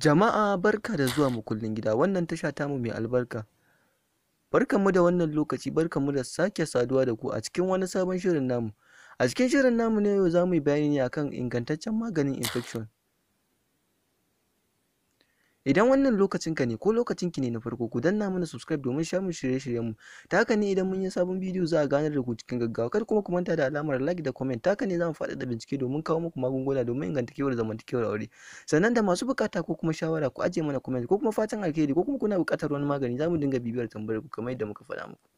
Jama'a barka da zuwa mu kullun gida wannan tasha tamu mai albarka. Barkanmu da wannan lokaci barkanmu da sake saduwa da ku a cikin wani sabon shirin namu. A cikin shirin namu ne yau za mu yi bayani ne akan ingantaccen maganin infection. idan wannan lokacin ka ne ko lokacin ki ne na farko ku danna mana subscribe domin samun shirye-shiryenmu ta haka ne idan mun yi sabon bidiyo za a ganar da ku cikin gaggawa kar kuma ku manta da alamar like da comment ta haka ne za mu faɗaɗa bincike domin kawo muku magunguna domin ingantakewar zamantakewar aure sannan da masu bukata ko kuma shawara ku ajiye mana comment ko kuma fatan alheri ko kuma kuna buƙatar wani magani za mu dinga bibiyar tambayar ku kamar yadda muka faɗa muku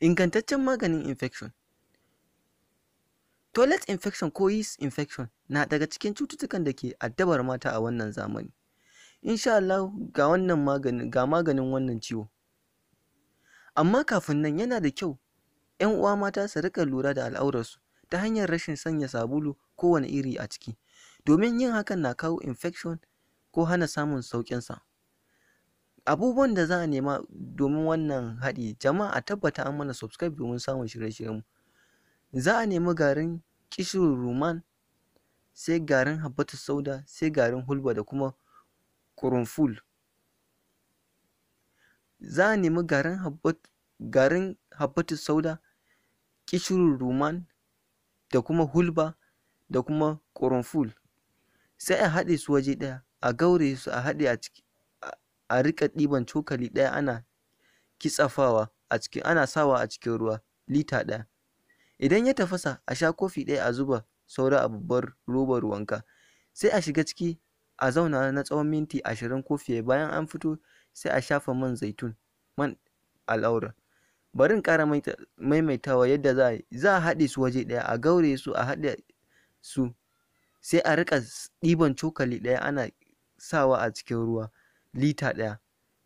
ingantaccen maganin infection toilet infection ko yeast infection na daga cikin cututtukan da ke addabar mata a wannan zamani insha Allah ga wannan maganin ga maganin wannan ciwo amma kafin nan yana da kyau 'yan uwa mata su rika lura da al'aurarsu ta hanyar rashin sanya sabulu kowane iri a ciki domin yin hakan na kawo infection ko hana samun sauƙinsa abubuwan da za a nema domin wannan haɗi jama'a a tabbata an mana subscribe domin samun shirye-shiryenmu za a nemi garin kishin ruman sai garin habbatus sauda sai garin hulba da kuma kurunful za a nemi garin garin habbatus sauda kishirin ruman da kuma hulba da kuma kurunful sai a haɗe su waje ɗaya a gaure su a haɗe a ciki a riƙa ɗiban cokali ɗaya ana kitsafawa a cikin ana sawa a cikin ruwa lita ɗaya idan ya tafasa a sha kofi ɗaya a zuba saura a babbar robar wanka sai a shiga ciki a zauna na tsawon minti ashirin ko fiye bayan an fito sai a shafa man zaitun man al'aura barin in ƙara maimaitawa yadda za a haɗe su waje ɗaya a gaure su a haɗe su sai a rika ɗiban cokali ɗaya ana sawa a cikin ruwa lita ɗaya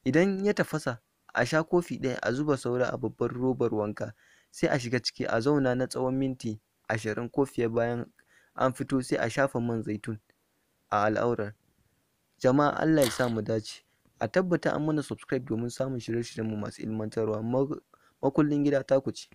idan ya tafasa a sha kofi ɗaya a zuba saura a babbar robar wanka sai a shiga ciki a zauna na tsawon minti ashirin ko fiye bayan an fito sai a shafa man zaitun a al'aurar jama'a Allah ya sa mu dace a tabbata an mana subscribe domin samun shirye-shiryenmu masu ilmantarwa makullin gida ta ku ce